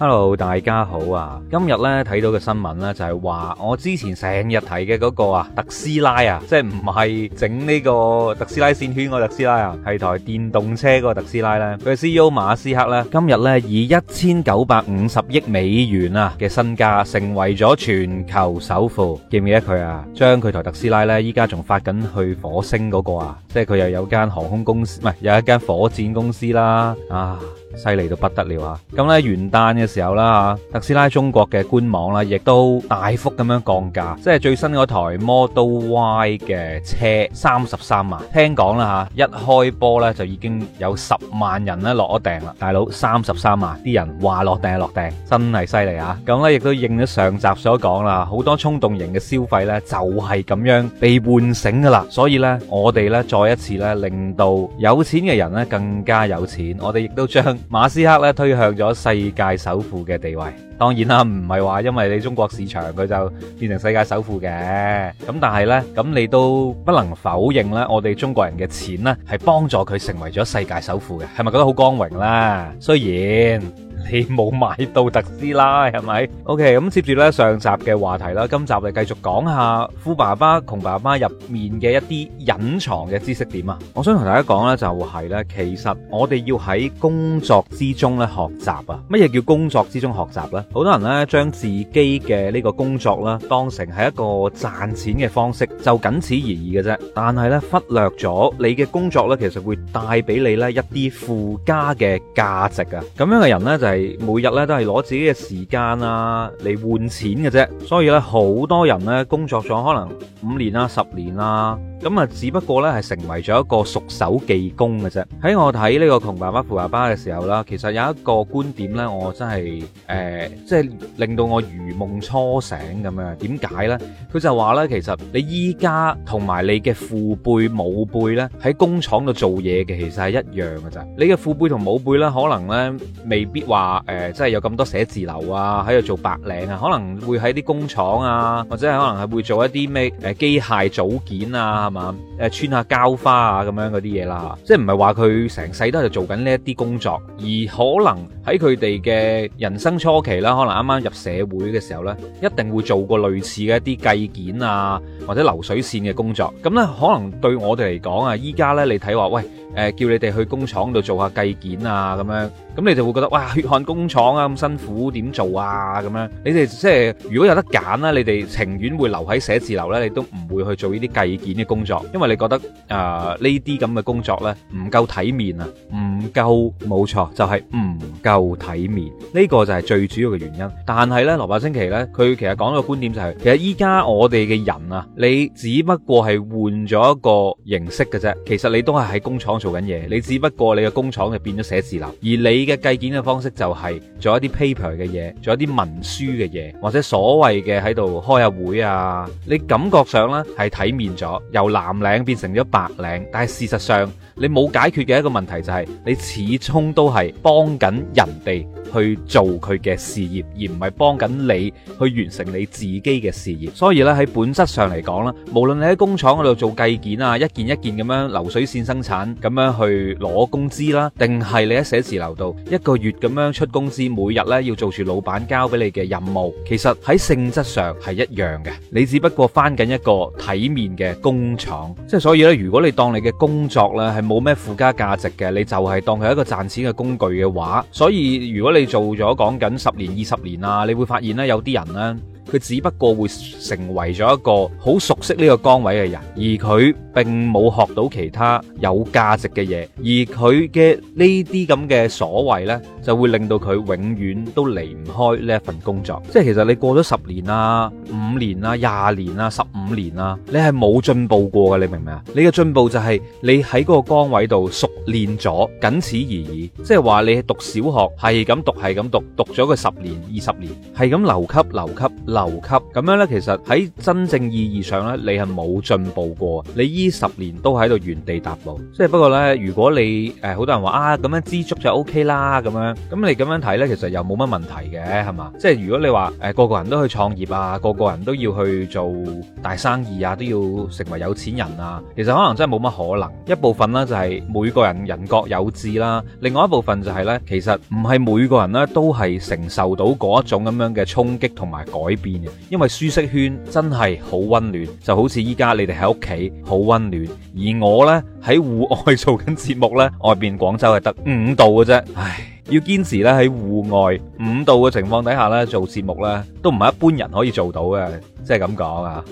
hello，大家好啊！今日咧睇到嘅新聞咧，就係話我之前成日提嘅嗰個啊特斯拉啊，即係唔係整呢個特斯拉線圈嗰個特斯拉啊，係台電動車嗰個特斯拉咧。佢嘅 C E O 馬斯克咧，今日咧以一千九百五十億美元啊嘅身家，成為咗全球首富。記唔記得佢啊？將佢台特斯拉咧，依家仲發緊去火星嗰個啊！即係佢又有間航空公司，唔係，有一間火箭公司啦啊！犀利到不得了啊！咁呢，元旦嘅時候啦，特斯拉中國嘅官網咧，亦都大幅咁樣降價，即係最新嗰台 Model Y 嘅車三十三萬。聽講啦嚇，一開波呢就已經有十萬人咧落咗訂啦！大佬三十三萬，啲人話落訂落訂，真係犀利啊！咁呢亦都應咗上集所講啦，好多衝動型嘅消費呢就係咁樣被喚醒噶啦，所以呢，我哋呢再一次呢令到有錢嘅人呢更加有錢，我哋亦都將，馬斯克咧，推向咗世界首富嘅地位，當然啦，唔係話因為你中國市場佢就變成世界首富嘅，咁但係呢，咁你都不能否認呢，我哋中國人嘅錢呢，係幫助佢成為咗世界首富嘅，係咪覺得好光榮啦？雖然。你冇買到特斯拉係咪？OK，咁接住咧上集嘅話題啦，今集我哋繼續講下富爸爸窮爸爸入面嘅一啲隱藏嘅知識點啊。我想同大家講呢，就係呢，其實我哋要喺工作之中咧學習啊。乜嘢叫工作之中學習呢？好多人呢，將自己嘅呢個工作啦當成係一個賺錢嘅方式，就僅此而已嘅啫。但係呢，忽略咗你嘅工作呢，其實會帶俾你呢一啲附加嘅價值啊。咁樣嘅人呢就。係每日咧都係攞自己嘅時間啊嚟換錢嘅啫，所以咧好多人咧工作咗可能五年啦、十年啦，咁啊只不過咧係成為咗一個熟手技工嘅啫。喺我睇呢個窮爸爸富爸爸嘅時候啦，其實有一個觀點咧，我真係誒，即係令到我如夢初醒咁樣。點解咧？佢就話咧，其實你依家同埋你嘅父輩母輩咧喺工廠度做嘢嘅，其實係一樣嘅咋。你嘅父輩同母輩咧，可能咧未必話。話誒、呃，即係有咁多寫字樓啊，喺度做白領啊，可能會喺啲工廠啊，或者係可能係會做一啲咩誒機械組件啊，係嘛誒穿下膠花啊咁樣嗰啲嘢啦，即係唔係話佢成世都係做緊呢一啲工作，而可能喺佢哋嘅人生初期啦，可能啱啱入社會嘅時候呢，一定會做過類似嘅一啲計件啊或者流水線嘅工作，咁呢，可能對我哋嚟講啊，依家呢，你睇話喂誒、呃，叫你哋去工廠度做下計件啊咁樣。咁你就會覺得，哇，血汗工廠啊，咁辛苦點做啊，咁樣？你哋即係如果有得揀啦，你哋情願會留喺寫字樓咧，你都唔會去做呢啲計件嘅工作，因為你覺得誒呢啲咁嘅工作咧唔夠體面啊，唔夠，冇錯，就係唔夠體面。呢個就係最主要嘅原因。但係咧，羅伯清崎咧，佢其實講嘅觀點就係，其實依家我哋嘅人啊，你只不過係換咗一個形式嘅啫，其實你都係喺工廠做緊嘢，你只不過你嘅工廠就變咗寫字樓，而你。嘅計件嘅方式就係做一啲 paper 嘅嘢，做一啲文書嘅嘢，或者所謂嘅喺度開下會啊，你感覺上咧係體面咗，由藍領變成咗白領，但係事實上。你冇解決嘅一個問題就係，你始終都係幫緊人哋去做佢嘅事業，而唔係幫緊你去完成你自己嘅事業。所以咧喺本質上嚟講啦，無論你喺工廠嗰度做計件啊，一件一件咁樣流水線生產咁樣去攞工資啦，定係你喺寫字樓度一個月咁樣出工資，每日咧要做住老闆交俾你嘅任務，其實喺性質上係一樣嘅。你只不過返緊一個體面嘅工廠，即係所以咧，如果你當你嘅工作咧係，冇咩附加價值嘅，你就係當佢一個賺錢嘅工具嘅話，所以如果你做咗講緊十年、二十年啊，你會發現咧，有啲人咧。佢只不過會成為咗一個好熟悉呢個崗位嘅人，而佢並冇學到其他有價值嘅嘢，而佢嘅呢啲咁嘅所謂呢，就會令到佢永遠都離唔開呢一份工作。即係其實你過咗十年啦、五年啦、廿年啦、十五年啦，你係冇進步過嘅，你明唔明啊？你嘅進步就係你喺個崗位度熟練咗，僅此而已。即係話你讀小學係咁讀，係咁讀，讀咗個十年、二十年，係咁留級、留級、留。留級咁樣呢，其實喺真正意義上呢，你係冇進步過，你依十年都喺度原地踏步。即係不過呢，如果你誒好、呃、多人話啊，咁樣知足就 OK 啦咁樣，咁你咁樣睇呢，其實又冇乜問題嘅，係嘛？即係如果你話誒個個人都去創業啊，個個人都要去做大生意啊，都要成為有錢人啊，其實可能真係冇乜可能。一部分呢，就係、是、每個人人各有志啦，另外一部分就係呢，其實唔係每個人呢都係承受到嗰一種咁樣嘅衝擊同埋改變。因為舒適圈真係好溫暖，就好似依家你哋喺屋企好溫暖，而我呢，喺戶外做緊節目呢，外邊廣州係得五度嘅啫，唉。要堅持咧，喺戶外五度嘅情況底下咧做節目咧，都唔係一般人可以做到嘅，即係咁講啊。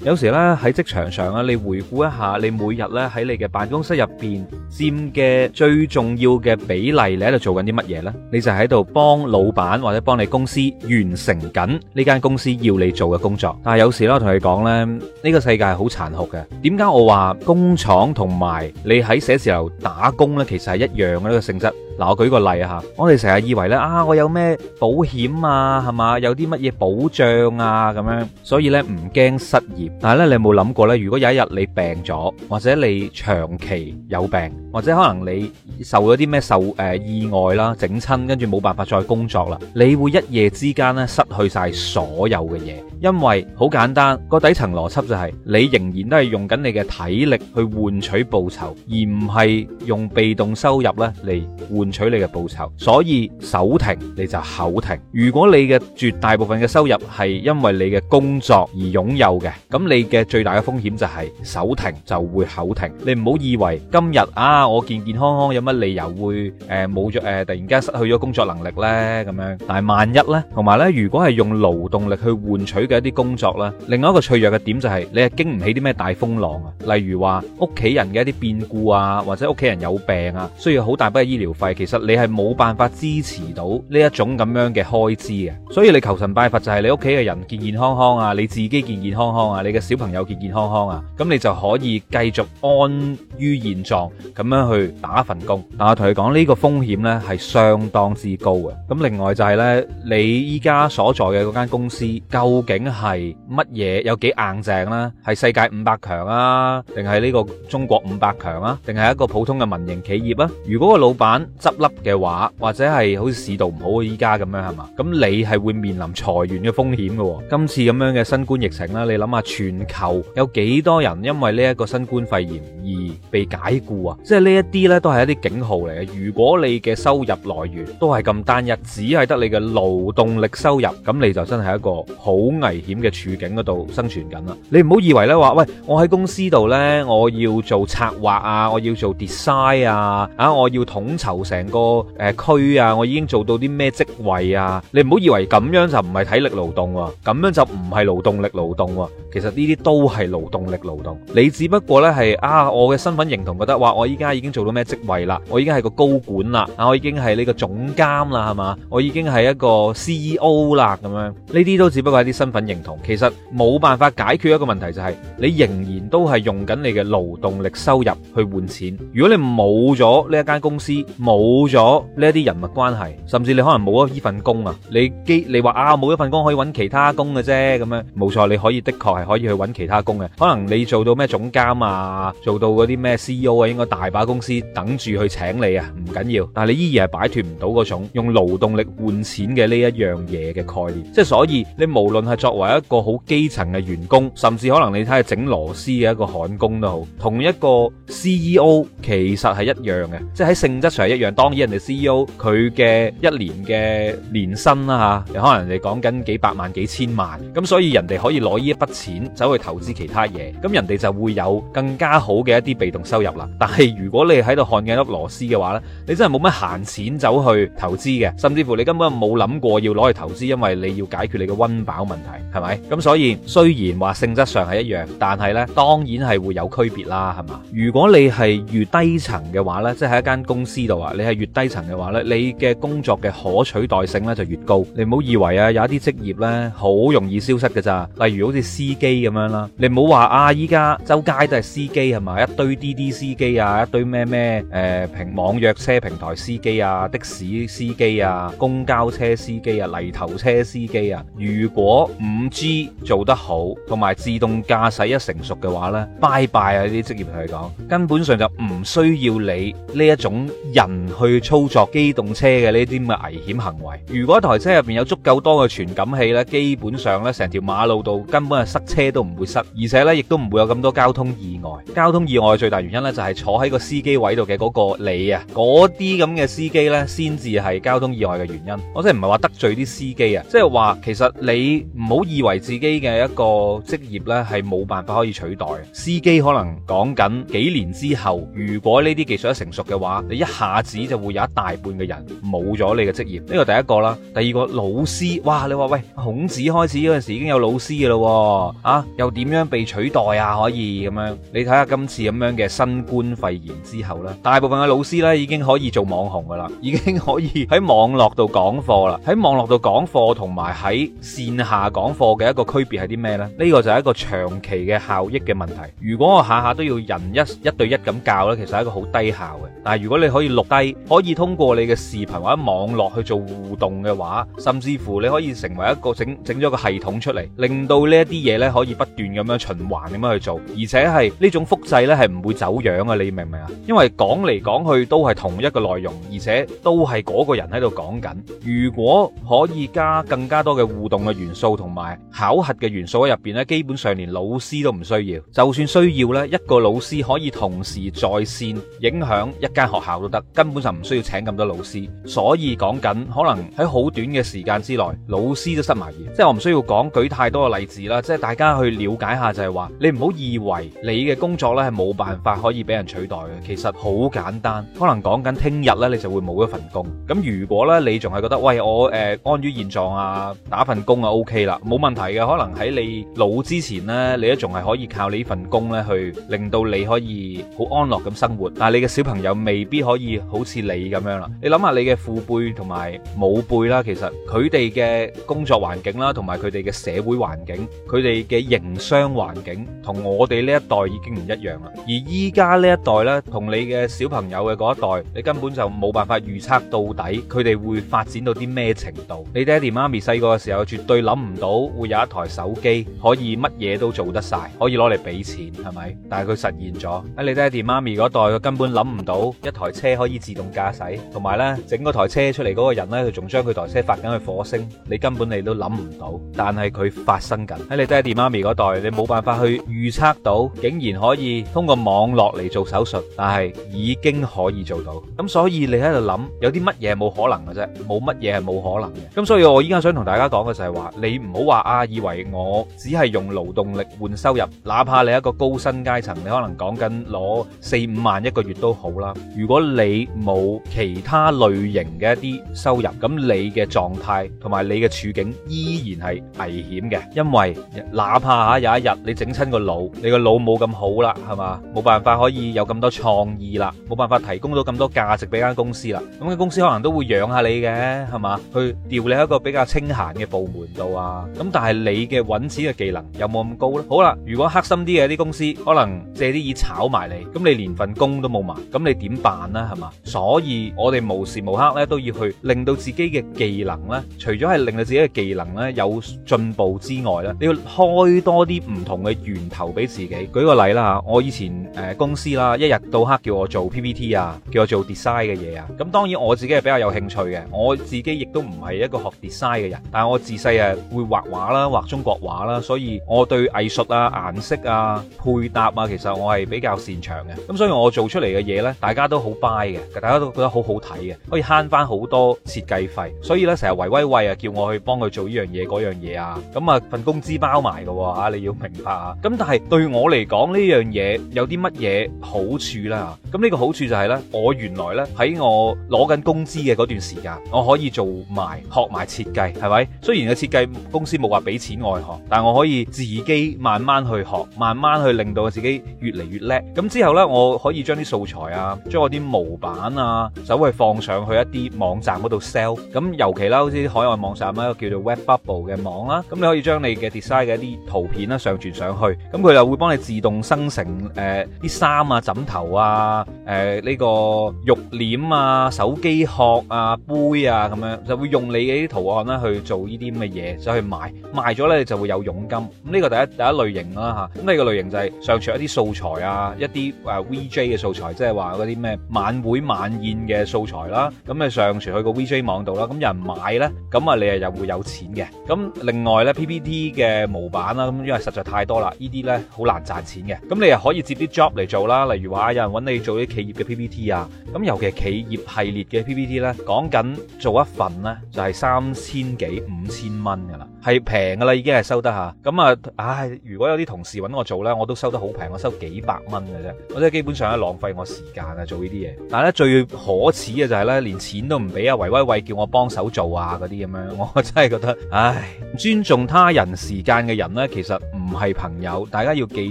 有時咧喺職場上咧，你回顧一下，你每日咧喺你嘅辦公室入邊佔嘅最重要嘅比例，你喺度做緊啲乜嘢呢？你就喺度幫老闆或者幫你公司完成緊呢間公司要你做嘅工作。但係有時咧，同你講呢，呢個世界係好殘酷嘅。點解我話工廠同埋你喺寫字樓打工呢，其實係一樣嘅呢個性質？嗱，我舉個例啊，我哋成日以為呢啊，我有咩保險啊，係嘛，有啲乜嘢保障啊咁樣，所以呢唔驚失業。但係呢，你有冇諗過呢？如果有一日你病咗，或者你長期有病，或者可能你受咗啲咩受誒意外啦、整親，跟住冇辦法再工作啦，你會一夜之間呢失去晒所有嘅嘢，因為好簡單，個底層邏輯就係你仍然都係用緊你嘅體力去換取報酬，而唔係用被動收入呢嚟換取你嘅報酬，所以手停你就口停。如果你嘅絕大部分嘅收入係因為你嘅工作而擁有嘅，咁你嘅最大嘅風險就係手停就會口停。你唔好以為今日啊，我健健康康，有乜理由會誒冇咗誒，突然間失去咗工作能力咧咁樣。但係萬一咧，同埋咧，如果係用勞動力去換取嘅一啲工作啦，另外一個脆弱嘅點就係你係經唔起啲咩大風浪啊。例如話屋企人嘅一啲變故啊，或者屋企人有病啊，需要好大筆醫療費。其實你係冇辦法支持到呢一種咁樣嘅開支嘅，所以你求神拜佛就係你屋企嘅人健健康康啊，你自己健健康康啊，你嘅小朋友健健康康啊，咁你就可以繼續安於現狀咁樣去打份工。但我同你講，呢個風險呢係相當之高嘅。咁另外就係呢，你依家所在嘅嗰間公司究竟係乜嘢？有幾硬正啦？係世界五百強啊，定係呢個中國五百強啊，定係一個普通嘅民營企業啊？如果個老闆，執笠嘅話，或者係好似市道唔好依家咁樣，係嘛？咁你係會面臨裁員嘅風險嘅哦。今次咁樣嘅新冠疫情啦，你諗下全球有幾多人因為呢一個新冠肺炎而被解雇啊？即係呢一啲呢都係一啲警號嚟嘅。如果你嘅收入來源都係咁單一，只係得你嘅勞動力收入，咁你就真係一個好危險嘅處境嗰度生存緊啦。你唔好以為呢話喂，我喺公司度呢，我要做策劃啊，我要做 design 啊，啊，我要統籌。成個誒區、呃、啊，我已經做到啲咩職位啊？你唔好以為咁樣就唔係體力勞動喎、啊，咁樣就唔係勞動力勞動喎、啊。其實呢啲都係勞動力勞動，你只不過咧係啊，我嘅身份認同覺得，哇！我依家已經做到咩職位啦？我已經係個高管啦，啊！我已經係呢個總監啦，係嘛？我已經係一個 CEO 啦咁樣，呢啲都只不過係啲身份認同，其實冇辦法解決一個問題就係，你仍然都係用緊你嘅勞動力收入去換錢。如果你冇咗呢一間公司，冇咗呢啲人物關係，甚至你可能冇咗呢份工啊，你你話啊，冇一份工可以揾其他工嘅啫，咁樣冇錯，你可以的確。可以去揾其他工嘅，可能你做到咩總監啊，做到嗰啲咩 CEO 啊，應該大把公司等住去請你啊，唔緊要。但係你依然係擺脱唔到嗰種用勞動力換錢嘅呢一樣嘢嘅概念。即係所以你無論係作為一個好基層嘅員工，甚至可能你睇下整螺絲嘅一個焊工都好，同一個 CEO 其實係一樣嘅，即係喺性質上係一樣。當然人哋 CEO 佢嘅一年嘅年薪啦嚇，你可能人哋講緊幾百萬幾千萬，咁所以人哋可以攞呢一筆錢。走去投資其他嘢，咁人哋就會有更加好嘅一啲被動收入啦。但係如果你喺度看緊粒螺絲嘅話呢，你真係冇乜閒錢走去投資嘅，甚至乎你根本冇諗過要攞去投資，因為你要解決你嘅溫飽問題，係咪？咁所以雖然話性質上係一樣，但係呢當然係會有區別啦，係嘛？如果你係越低層嘅話呢，即係喺一間公司度啊，你係越低層嘅話呢你嘅工作嘅可取代性呢就越高。你唔好以為啊，有一啲職業呢好容易消失嘅咋，例如好似司。機咁樣啦，你唔好話啊！依家周街都係司機係嘛？一堆滴滴司機啊，一堆咩咩誒平網約車平台司機啊，的士司機啊，公交車司機啊，泥頭車司機啊。如果五 G 做得好，同埋自動駕駛一成熟嘅話咧，bye bye 啊！呢啲職業同你講，根本上就唔需要你呢一種人去操作機動車嘅呢啲咁嘅危險行為。如果台車入邊有足夠多嘅傳感器咧，基本上咧成條馬路度根本係塞。車都唔會塞，而且呢，亦都唔會有咁多交通意外。交通意外最大原因呢，就係坐喺個司機位度嘅嗰個你啊，嗰啲咁嘅司機呢，先至係交通意外嘅原因。我真係唔係話得罪啲司機啊，即係話其實你唔好以為自己嘅一個職業呢係冇辦法可以取代。司機可能講緊幾年之後，如果呢啲技術一成熟嘅話，你一下子就會有一大半嘅人冇咗你嘅職業。呢個第一個啦，第二個老師，哇，你話喂，孔子開始嗰陣時已經有老師噶咯。啊，又點樣被取代啊？可以咁樣，你睇下今次咁樣嘅新冠肺炎之後咧，大部分嘅老師呢已經可以做網紅噶啦，已經可以喺網絡度講課啦。喺網絡度講課同埋喺線下講課嘅一個區別係啲咩呢？呢個就係一個長期嘅效益嘅問題。如果我下下都要人一一對一咁教呢，其實係一個好低效嘅。但係如果你可以錄低，可以通過你嘅視頻或者網絡去做互動嘅話，甚至乎你可以成為一個整整咗個系統出嚟，令到呢一啲嘢呢。可以不斷咁樣循環咁樣去做，而且係呢種複製咧係唔會走樣嘅，你明唔明啊？因為講嚟講去都係同一個內容，而且都係嗰個人喺度講緊。如果可以加更加多嘅互動嘅元素同埋考核嘅元素喺入邊咧，基本上連老師都唔需要。就算需要咧，一個老師可以同時在線影響一間學校都得，根本就唔需要請咁多老師。所以講緊，可能喺好短嘅時間之內，老師都失埋業。即係我唔需要講舉太多嘅例子啦，即係但係。大家去了解下，就係話你唔好以為你嘅工作咧係冇辦法可以俾人取代嘅。其實好簡單，可能講緊聽日咧，你就會冇一份工。咁如果咧，你仲係覺得喂我誒、呃、安於現狀啊，打份工啊 OK 啦，冇問題嘅。可能喺你老之前咧，你都仲係可以靠你份工咧去令到你可以好安樂咁生活。但係你嘅小朋友未必可以好似你咁樣啦。你諗下你嘅父輩同埋母輩啦，其實佢哋嘅工作環境啦，同埋佢哋嘅社會環境，佢哋。嘅營商環境同我哋呢一代已經唔一樣啦，而依家呢一代呢，同你嘅小朋友嘅嗰一代，你根本就冇辦法預測到底佢哋會發展到啲咩程度。你爹哋媽咪細個嘅時候，絕對諗唔到會有一台手機可以乜嘢都做得晒，可以攞嚟俾錢，係咪？但係佢實現咗。喺你爹哋媽咪嗰代，佢根本諗唔到一台車可以自動駕駛，同埋呢整嗰台車出嚟嗰個人呢，佢仲將佢台車發緊去火星，你根本你都諗唔到，但係佢發生緊。喺你爹哋。你媽咪嗰代，你冇辦法去預測到，竟然可以通過網絡嚟做手術，但係已經可以做到。咁所以你喺度諗，有啲乜嘢冇可能嘅啫？冇乜嘢係冇可能嘅。咁所以我依家想同大家講嘅就係話，你唔好話啊，以為我只係用勞動力換收入，哪怕你一個高薪階層，你可能講緊攞四五萬一個月都好啦。如果你冇其他類型嘅一啲收入，咁你嘅狀態同埋你嘅處境依然係危險嘅，因為難。哪怕嚇有一日你整親個腦，你個腦冇咁好啦，係嘛？冇辦法可以有咁多創意啦，冇辦法提供到咁多價值俾間公司啦。咁間公司可能都會養下你嘅，係嘛？去調你喺一個比較清閒嘅部門度啊。咁但係你嘅揾錢嘅技能有冇咁高咧？好啦，如果黑心啲嘅啲公司可能借啲意炒埋你，咁你連份工都冇埋，咁你點辦咧？係嘛？所以我哋無時無刻咧都要去令到自己嘅技能咧，除咗係令到自己嘅技能咧有進步之外咧，你要看。開多啲唔同嘅源頭俾自己。舉個例啦，我以前誒、呃、公司啦，一日到黑叫我做 PPT 啊，叫我做 design 嘅嘢啊。咁當然我自己係比較有興趣嘅，我自己亦都唔係一個學 design 嘅人。但係我自細誒會畫畫啦，畫中國畫啦，所以我對藝術啊、顏色啊、配搭啊，其實我係比較擅長嘅。咁所以我做出嚟嘅嘢呢，大家都好 buy 嘅，大家都覺得好好睇嘅，可以慳翻好多設計費。所以呢，成日維威慧啊，叫我去幫佢做呢樣嘢嗰樣嘢啊。咁啊份工資包埋。嘅啊，你要明白啊！咁但係對我嚟講呢樣嘢有啲乜嘢好處啦？咁呢個好處就係呢：我原來咧喺我攞緊工資嘅嗰段時間，我可以做埋學埋設計，係咪？雖然個設計公司冇話俾錢外學，但係我可以自己慢慢去學，慢慢去令到自己越嚟越叻。咁之後呢，我可以將啲素材啊，將我啲模板啊，稍去放上去一啲網站嗰度 sell。咁尤其啦，好似海外網站咧，叫做 WebBubble 嘅網啦，咁你可以將你嘅 design 嘅啲。圖片啦，上傳上去，咁佢又會幫你自動生成，誒啲衫啊、枕頭啊、誒呢個浴簾啊、手機殼啊、杯啊咁樣，就會用你嘅啲圖案啦去做呢啲咁嘅嘢，就去賣，賣咗咧就會有佣金。咁呢個第一、第一類型啦吓，咁第二個類型就係上傳一啲素材啊、一啲誒 VJ 嘅素材，即係話嗰啲咩晚會晚宴嘅素材啦，咁啊上傳去個 VJ 網度啦，咁有人買咧，咁啊你啊又會有錢嘅。咁另外咧 PPT 嘅模板。版啦，咁因為實在太多啦，呢啲咧好難賺錢嘅。咁你又可以接啲 job 嚟做啦，例如話有人揾你做啲企業嘅 PPT 啊，咁尤其係企業系列嘅 PPT 咧，講緊做一份咧就係、是、三千幾五千蚊噶啦。係平㗎喇，已經係收得下。咁啊，唉，如果有啲同事揾我做呢，我都收得好平，我收幾百蚊嘅啫。我真係基本上係浪費我時間啊，做呢啲嘢。但係咧，最可恥嘅就係呢，連錢都唔俾啊，唯威偉叫我幫手做啊，嗰啲咁樣，我真係覺得，唉，尊重他人時間嘅人呢，其實唔係朋友。大家要記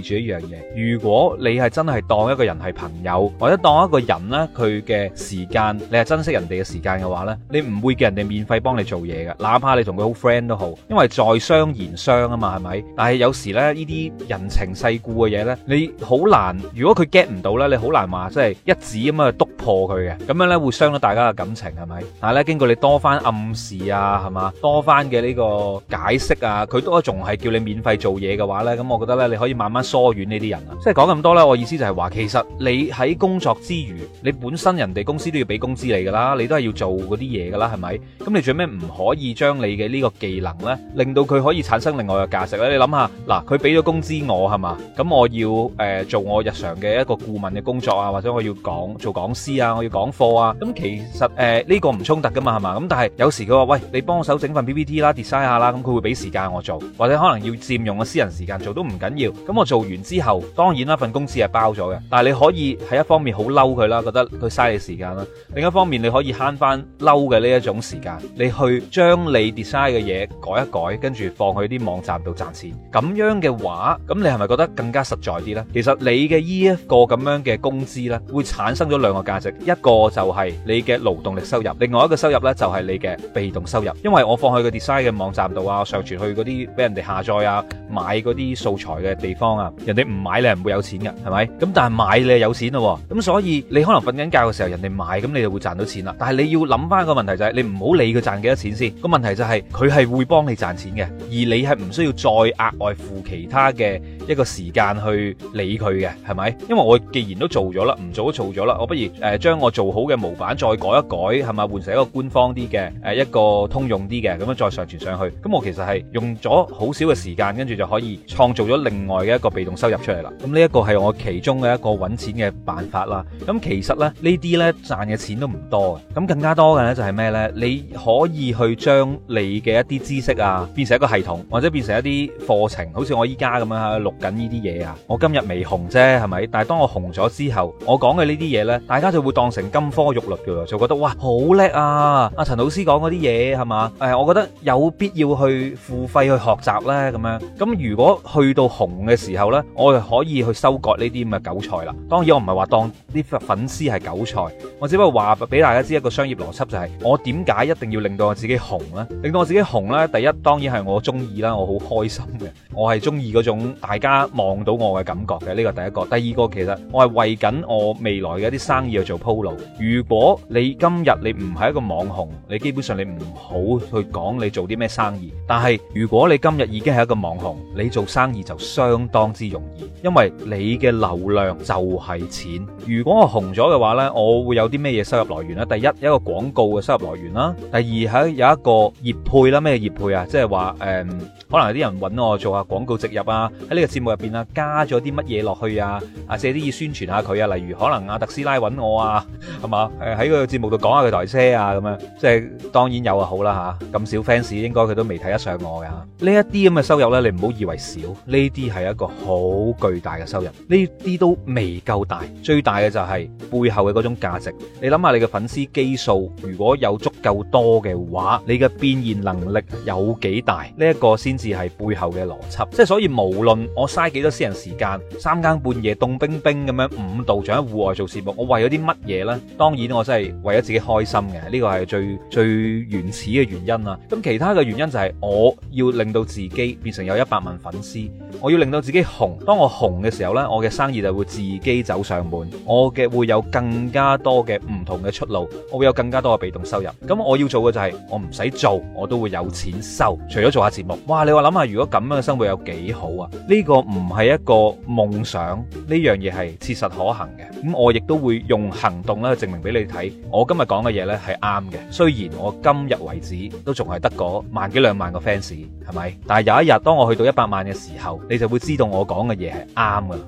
住一樣嘢，如果你係真係當一個人係朋友，或者當一個人呢，佢嘅時間你係珍惜人哋嘅時間嘅話呢，你唔會叫人哋免費幫你做嘢嘅，哪怕你同佢好 friend 都好，因為，係在商言商啊嘛，係咪？但係有時咧，呢啲人情世故嘅嘢呢，你好難。如果佢 get 唔到呢，你好難話，即係一指咁樣去督破佢嘅。咁樣呢，會傷咗大家嘅感情，係咪？但係咧，經過你多番暗示啊，係嘛，多番嘅呢個解釋啊，佢都仲係叫你免費做嘢嘅話呢，咁我覺得呢，你可以慢慢疏遠呢啲人啊。即係講咁多呢，我意思就係話，其實你喺工作之餘，你本身人哋公司都要俾工資你噶啦，你都係要做嗰啲嘢噶啦，係咪？咁你做咩唔可以將你嘅呢個技能呢令到佢可以產生另外嘅價值咧，你諗下，嗱，佢俾咗工資我係嘛，咁我要誒做我日常嘅一個顧問嘅工作啊，或者我要講做講師啊，我要講課啊，咁其實誒呢個唔衝突噶嘛係嘛，咁但係有時佢話喂，你幫手整份 PPT 啦，design 下啦，咁佢會俾時間我做，或者可能要佔用我私人時間做都唔緊要，咁我做完之後，當然啦份工資係包咗嘅，但係你可以喺一方面好嬲佢啦，覺得佢嘥你時間啦，另一方面你可以慳翻嬲嘅呢一種時間，你去將你 design 嘅嘢改一改。跟住放去啲網站度賺錢，咁樣嘅話，咁你係咪覺得更加實在啲咧？其實你嘅呢一個咁樣嘅工資咧，會產生咗兩個價值，一個就係你嘅勞動力收入，另外一個收入咧就係你嘅被動收入。因為我放去個 design 嘅網站度啊，上傳去嗰啲俾人哋下載啊，買嗰啲素材嘅地方啊，人哋唔買你係唔會有錢嘅，係咪？咁但係買你係有錢咯，咁所以你可能瞓緊覺嘅時候人哋買，咁你就會賺到錢啦。但係你要諗翻個問題就係，你唔好理佢賺幾多錢先，個問題就係佢係會幫你賺錢嘅，而你係唔需要再額外付其他嘅。一個時間去理佢嘅係咪？因為我既然都做咗啦，唔做都做咗啦，我不如誒、呃、將我做好嘅模板再改一改，係咪換成一個官方啲嘅，誒一個通用啲嘅咁樣再上傳上去？咁、嗯、我其實係用咗好少嘅時間，跟住就可以創造咗另外嘅一個被動收入出嚟啦。咁呢一個係我其中嘅一個揾錢嘅辦法啦。咁、嗯、其實咧呢啲呢，賺嘅錢都唔多，咁、嗯、更加多嘅呢，就係、是、咩呢？你可以去將你嘅一啲知識啊變成一個系統，或者變成一啲課程，好似我依家咁樣緊呢啲嘢啊，我今日未紅啫，係咪？但係當我紅咗之後，我講嘅呢啲嘢呢，大家就會當成金科玉律嘅，就覺得，哇，好叻啊！阿陳老師講嗰啲嘢係嘛？誒、哎，我覺得有必要去付費去學習呢。咁樣。咁如果去到紅嘅時候呢，我就可以去收割呢啲咁嘅韭菜啦。當然我唔係話當啲粉粉絲係韭菜，我只不過話俾大家知一個商業邏輯就係、是，我點解一定要令到我自己紅呢？令到我自己紅呢？第一當然係我中意啦，我好開心嘅，我係中意嗰種大。家望到我嘅感覺嘅呢個第一個，第二個其實我係為緊我未來嘅一啲生意去做鋪路。如果你今日你唔係一個網紅，你基本上你唔好去講你做啲咩生意。但係如果你今日已經係一個網紅，你做生意就相當之容易，因為你嘅流量就係錢。如果我紅咗嘅話咧，我會有啲咩嘢收入來源咧？第一有一個廣告嘅收入來源啦，第二係有一個業配啦，咩業配啊？即係話，誒可能有啲人揾我做下廣告植入啊，喺呢個，節目入邊啊，加咗啲乜嘢落去啊？啊，借啲嘢宣傳下佢啊，例如可能阿特斯拉揾我啊，係嘛？誒，喺個節目度講下佢台車啊，咁樣，即係當然有就啊，好啦吓，咁少 fans，應該佢都未睇得上我噶。呢一啲咁嘅收入呢，你唔好以為少，呢啲係一個好巨大嘅收入，呢啲都未夠大，最大嘅就係背後嘅嗰種價值。你諗下你嘅粉絲基數，如果有足夠多嘅話，你嘅變現能力有幾大？呢一個先至係背後嘅邏輯。即係所以無論。我嘥幾多私人時間，三更半夜凍冰冰咁樣五度仲喺戶外做節目，我為咗啲乜嘢呢？當然我真係為咗自己開心嘅，呢個係最最原始嘅原因啦。咁其他嘅原因就係我要令到自己變成有一百萬粉絲，我要令到自己紅。當我紅嘅時候呢，我嘅生意就會自己走上門，我嘅會有更加多嘅唔同嘅出路，我會有更加多嘅被動收入。咁我要做嘅就係我唔使做，我都會有錢收。除咗做下節目，哇！你話諗下，如果咁樣嘅生活有幾好啊？呢個個唔係一個夢想，呢樣嘢係切實可行嘅，咁、嗯、我亦都會用行動咧證明俾你睇，我今日講嘅嘢呢係啱嘅。雖然我今日為止都仲係得嗰萬幾兩萬個 fans，係咪？但係有一日當我去到一百萬嘅時候，你就會知道我講嘅嘢係啱嘅。